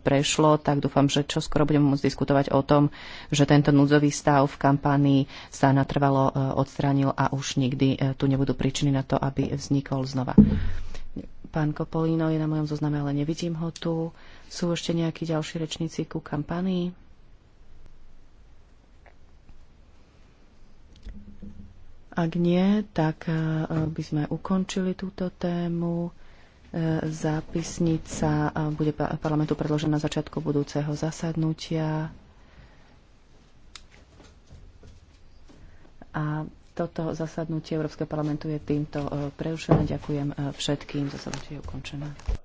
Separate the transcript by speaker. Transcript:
Speaker 1: prešlo, tak dúfam, že čo skoro budeme môcť diskutovať o tom, že tento núdzový stav v kampanii sa natrvalo e, odstránil a už nikdy e, tu nebudú príčiny na to, aby vznikol znova. Pán Kopolino je na mojom zozname, ale nevidím ho tu. Sú ešte nejakí ďalší rečníci ku kampanii? Ak nie, tak e, by sme ukončili túto tému. Zápisnica bude parlamentu predložená na začiatku budúceho zasadnutia. A toto zasadnutie Európskeho parlamentu je týmto e, prerušené. Ďakujem e, všetkým. Zasadnutie je ukončené.